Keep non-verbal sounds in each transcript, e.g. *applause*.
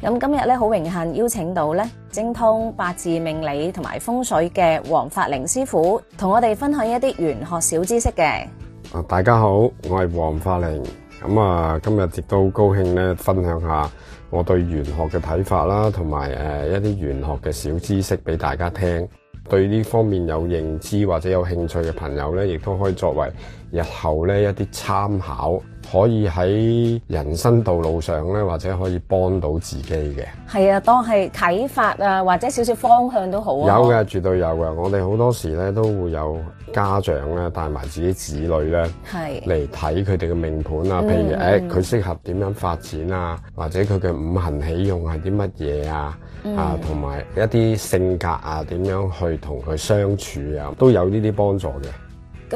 咁今日咧好榮幸邀請到咧精通八字命理同埋風水嘅黃法靈黃法寧師傅，同我哋分享一啲玄學小知識嘅。啊，大家好，我係黃法靈黃法寧。咁啊，今日亦都高興咧，分享下我對玄學嘅睇法啦，同埋誒一啲玄學嘅小知識俾大家聽。對呢方面有認知或者有興趣嘅朋友呢，亦都可以作為日後呢一啲參考，可以喺人生道路上呢，或者可以幫到自己嘅。係啊，當係啟發啊，或者少少方向都好啊。有嘅，絕對有嘅。我哋好多時呢，都會有家長呢帶埋自己子女呢係嚟睇佢哋嘅命盤啊。嗯、譬如誒，佢、欸、適合點樣發展啊？或者佢嘅五行喜用係啲乜嘢啊？啊，同埋、嗯、一啲性格啊，點樣去同佢相處啊，都有呢啲幫助嘅。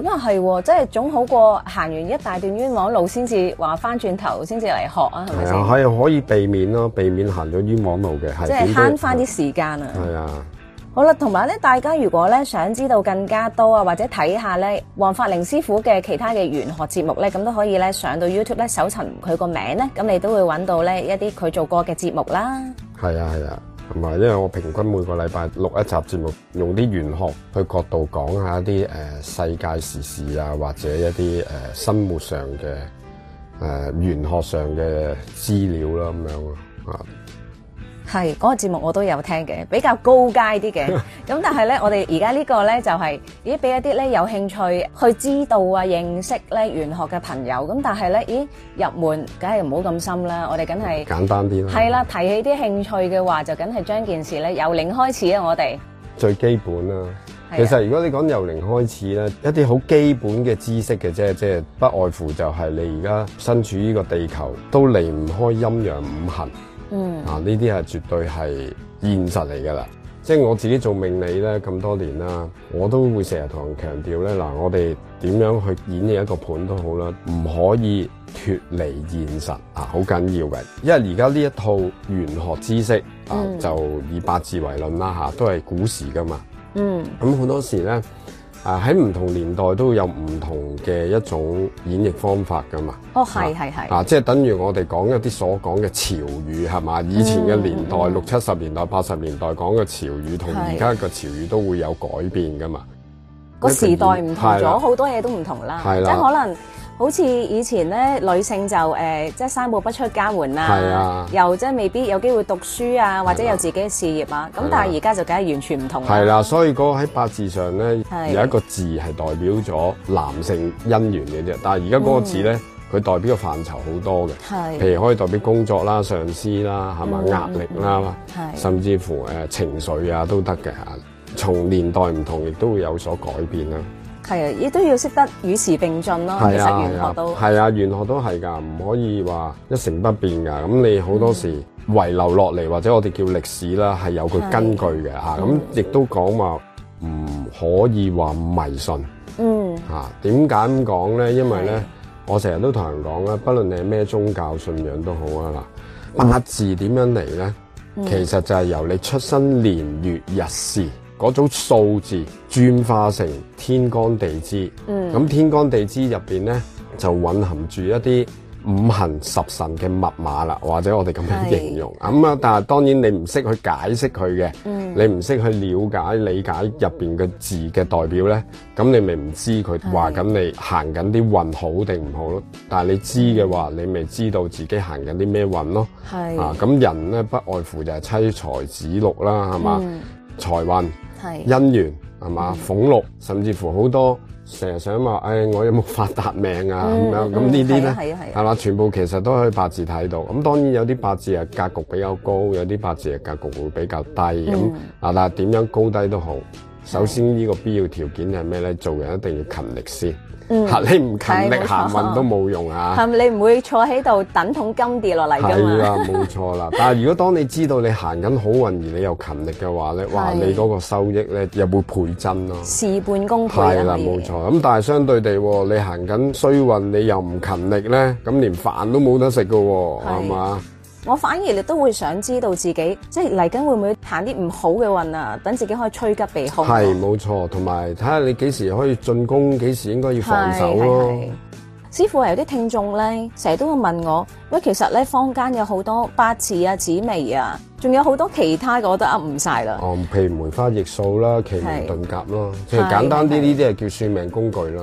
咁啊係，即係總好過行完一大段冤枉路先至話翻轉頭，先至嚟學啊，係咪先？係可以避免咯，避免行咗冤枉路嘅，即係慳翻啲時間啊。係啊的，的好啦，同埋咧，大家如果咧想知道更加多啊，或者睇下咧黃法寧師傅嘅其他嘅玄學節目咧，咁都可以咧上到 YouTube 咧搜尋佢個名咧，咁你都會揾到咧一啲佢做過嘅節目啦。係啊，係啊。同埋，因為我平均每個禮拜錄一集節目，用啲玄學去角度講下一啲誒、呃、世界時事啊，或者一啲誒、呃、生活上嘅誒玄學上嘅資料啦，咁樣啊。係嗰、嗰個節目我都有聽嘅，比較高階啲嘅。咁 *laughs* 但係咧，我哋而家呢個咧就係，咦俾一啲咧有興趣去知道啊、認識咧、啊、玄學嘅朋友。咁但係咧，咦入門，梗係唔好咁深啦。我哋梗係簡單啲啦。係啦、啊，提起啲興趣嘅話，就梗係將件事咧由零開始啊！我哋最基本啦、啊。啊、其實如果你講由零開始咧，一啲好基本嘅知識嘅啫，即、就、係、係不外乎就係你而家身處呢個地球都離唔開陰陽五行。嗱，呢啲係絕對係現實嚟噶啦，即係我自己做命理咧咁多年啦，我都會成日同人強調咧，嗱，啊，我哋點樣去演繹一個盤都好啦，唔可以脫離現實，啊，好緊要嘅。因為而家呢一套玄學知識啊，就以八字為論啦吓，都係古時噶嘛，嗯，啊，咁好多時咧。啊！喺唔同年代都有唔同嘅一種演繹方法㗎嘛。哦，係係係。啊，即係等於我哋講一啲所講嘅潮語係嘛？以前嘅年代六七十年代、八十年代講嘅潮語，同而家嘅潮語都會有改變㗎嘛。個時代唔同咗，好多嘢都唔同啦。係啦，即係可能。好似以前咧，女性就誒，即、呃、係三步不出家門啦、啊，啊、又即係未必有機會讀書啊，或者有自己嘅事業啊。咁、啊、但係而家就梗係完全唔同啦。係啦、啊，所以嗰個喺八字上咧是有一個字係代表咗男性姻緣嘅啫。但係而家嗰個字咧，佢、嗯、代表嘅範疇好多嘅。係是，譬如可以代表工作啦、上司啦，係嘛、嗯、壓力啦，嗯嗯、甚至乎誒情緒啊都得嘅。嚇，從年代唔同，亦都會有所改變啦。係啊，亦都要識得與時並進咯。的其實玄學都係啊，玄學都係㗎，唔可以話一成不變㗎。咁你好多時遺留落嚟，嗯、或者我哋叫歷史啦，係有佢根據嘅的、嗯、啊。咁亦都講話唔可以話迷信。嗯、啊。嚇，點解咁講咧？因為咧，的我成日都同人講咧，不論你係咩宗教信仰都好啊啦，八字點樣嚟咧？嗯、其實就係由你出生年月日時。嗰種數字轉化成天干地支，咁、嗯、天干地支入邊咧就蘊含住一啲五行十神嘅密碼啦，或者我哋咁樣形容，咁啊是、嗯，但係當然你唔識去解釋佢嘅，嗯、你唔識去了解理解入邊嘅字嘅代表咧，咁你咪唔知佢話緊你行緊啲運好定唔好咯。但係你知嘅話，你咪知道自己行緊啲咩運咯。係是啊，咁人咧不外乎就係妻財子祿啦，係嘛？嗯、財運。是姻緣係嘛，俸祿，嗯、甚至乎好多成日想話，誒、哎，我有冇發達命啊？咁、嗯、樣咁、嗯、呢啲咧，係嘛、嗯，全部其實都可以八字睇到。咁、嗯、當然有啲八字啊格局比較高，有啲八字啊格局會比較低。咁，但係，點樣高低都好。首先呢個必要條件係咩咧？做人一定要勤力先，嚇、嗯啊、你唔勤力行運都冇用啊！嚇，你唔會坐喺度等桶金跌落嚟㗎嘛！係啦、啊，冇錯啦。 *laughs* 但係如果當你知道你行緊好運而你又勤力嘅話咧， *laughs* 哇！啊、你嗰個收益咧又會倍增咯、啊。事半功倍啊！係啦，冇錯。咁、嗯、但係相對地、啊，你行緊衰運，你又唔勤力咧，咁、嗯、連飯都冇得食㗎喎，係嘛、 *laughs* 啊？我反而你都會想知道自己，即係嚟緊會唔會行啲唔好嘅運啊？等自己可以趨吉避凶。係冇錯，同埋睇下你幾時可以進攻，幾時應該要防守咯、啊。師傅，係有啲聽眾咧，成日都會問我，喂，其實咧坊間有好多八字啊、紫微啊，仲有好多其他嘅，我都噏唔晒啦。哦、嗯，譬如梅花易數啦、奇門遁甲咯，是即係簡單啲，呢啲係叫算命工具啦。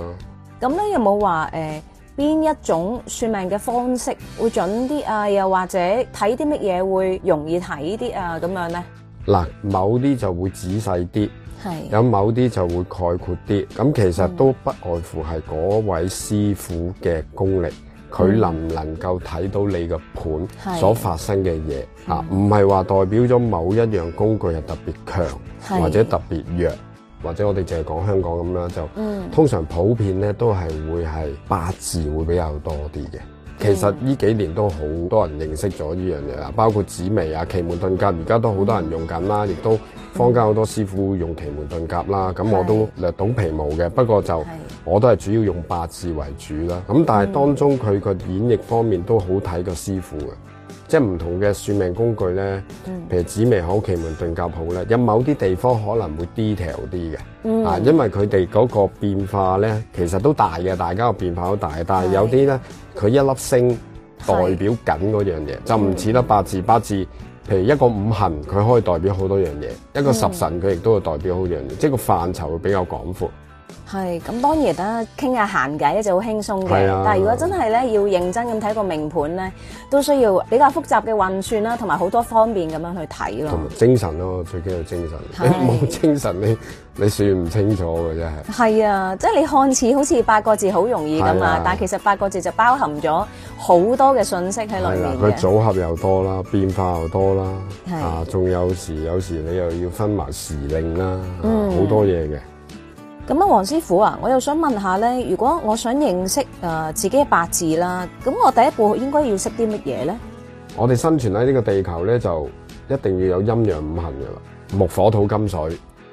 咁咧有冇話誒？呃邊一種算命嘅方式會準啲啊？又或者睇啲乜嘢會容易睇啲啊？咁樣咧？嗱，某啲就會仔細啲，是有某啲就會概括啲。咁其實都不外乎係嗰位師傅嘅功力，佢、嗯、能唔能夠睇到你嘅盤所發生嘅嘢是啊？唔係話代表咗某一樣工具係特別強是或者特別弱。或者我哋淨係講香港咁樣就，嗯、通常普遍咧都係會係八字會比較多啲嘅。其實呢幾年都好多人認識咗呢樣嘢啦，包括紫微啊、奇門遁甲，而家都好多人用緊啦，亦都坊間好多師傅用奇門遁甲啦。咁我都略懂皮毛嘅，不過就的我都係主要用八字為主啦。咁但係當中佢個演繹方面都好睇個師傅嘅。即係唔同嘅算命工具咧，嗯、譬如紫微好，奇門遁甲好咧，有某啲地方可能會 detail 啲嘅，啊、嗯，因為佢哋嗰個變化咧，其實都大嘅，大家個變化好大，但係有啲咧，佢是一粒星代表緊嗰樣嘢，是就唔似得八字。八字譬如一個五行，佢可以代表好多樣嘢；嗯、一個十神，佢亦都會代表好多樣嘢，即係個範疇會比較廣闊。係咁，當然啦，傾下閒偈咧就好輕鬆嘅。啊、但係如果真係咧要認真咁睇個命盤咧，都需要比較複雜嘅運算啦，同埋好多方面咁樣去睇咯。精神咯、啊，最緊要精神，你冇是、欸、精神你你算唔清楚嘅真係。係啊，即係你看似好似八個字好容易噶啊，但係其實八個字就包含咗好多嘅信息喺裏面佢、啊、組合又多啦，變化又多啦，是啊，仲有時有時你又要分埋時令啦，好、啊、多嘢嘅。咁啊，黃師傅啊，我又想問下咧，如果我想認識誒、呃、自己嘅八字啦，咁我第一步應該要識啲乜嘢咧？我哋生存喺呢個地球咧，就一定要有陰陽五行噶啦，木、火、土、金、水，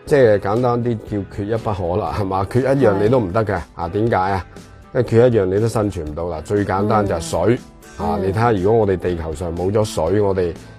即係簡單啲叫缺一不可啦，係嘛？缺一樣你都唔得嘅啊？點解啊？因為缺一樣你都生存唔到啦。最簡單就係水、嗯、啊！嗯、你睇下，如果我哋地球上冇咗水，我哋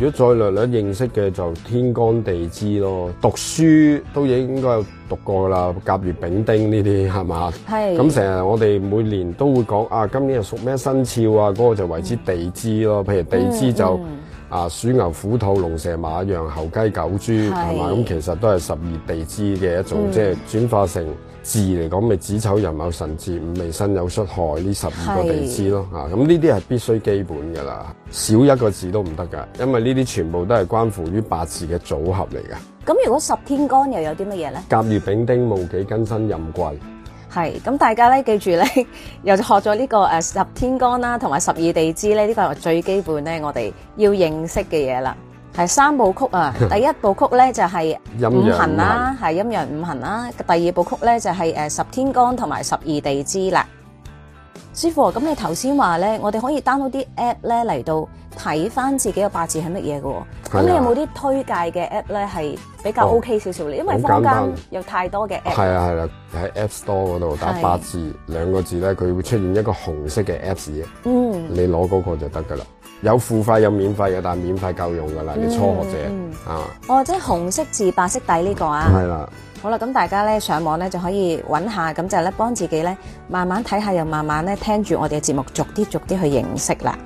如果再略略認識嘅就是、天干地支咯，讀書都已經應該有讀過啦，甲乙丙丁呢啲係嘛？係。咁成日我哋每年都會講啊，今年係屬咩生肖啊，嗰、那個就為之地支咯。譬如地支就。嗯嗯啊，鼠牛虎兔龍蛇馬羊猴雞狗豬，同埋咁其實都係十二地支嘅一種，嗯、即係轉化成字嚟講，咪子丑寅卯辰巳午未申酉戌亥呢十二個地支咯。吓，是，咁呢啲係必須基本噶啦，少一個字都唔得噶，因為呢啲全部都係關乎於八字嘅組合嚟噶。咁如果十天干又有啲乜嘢咧？甲乙丙丁戊己庚辛壬癸。係，咁大家咧記住咧，又學咗呢、這個誒、呃、十天干啦，同埋十二地支咧，呢、這個係最基本咧，我哋要認識嘅嘢啦。係三部曲啊，第一部曲咧就係、是、五行啦，係陰陽，陰陽五行啦，第二部曲咧就係、是、誒、呃、十天干同埋十二地支啦。師傅，咁你頭先話咧，我哋可以 download 啲 app 咧嚟到睇翻自己個八字係乜嘢嘅喎？咁、啊、你有冇啲推介嘅 app 咧係比較 OK 少少咧？哦、因為坊間有太多嘅 app。係啊係啦，喺、啊、App Store 嗰度打八字是兩個字咧，佢會出現一個紅色嘅 app 嘅是。嗯，你攞嗰個就得噶啦。有付費有免費嘅，但係免費夠用噶啦。你初學者、嗯、啊。哦，即係紅色字白色底呢個啊？係啦、啊。好啦，咁大家呢上網呢就可以揾下，咁就呢幫自己呢慢慢睇下，又慢慢呢聽住我哋嘅節目，逐啲逐啲去認識啦。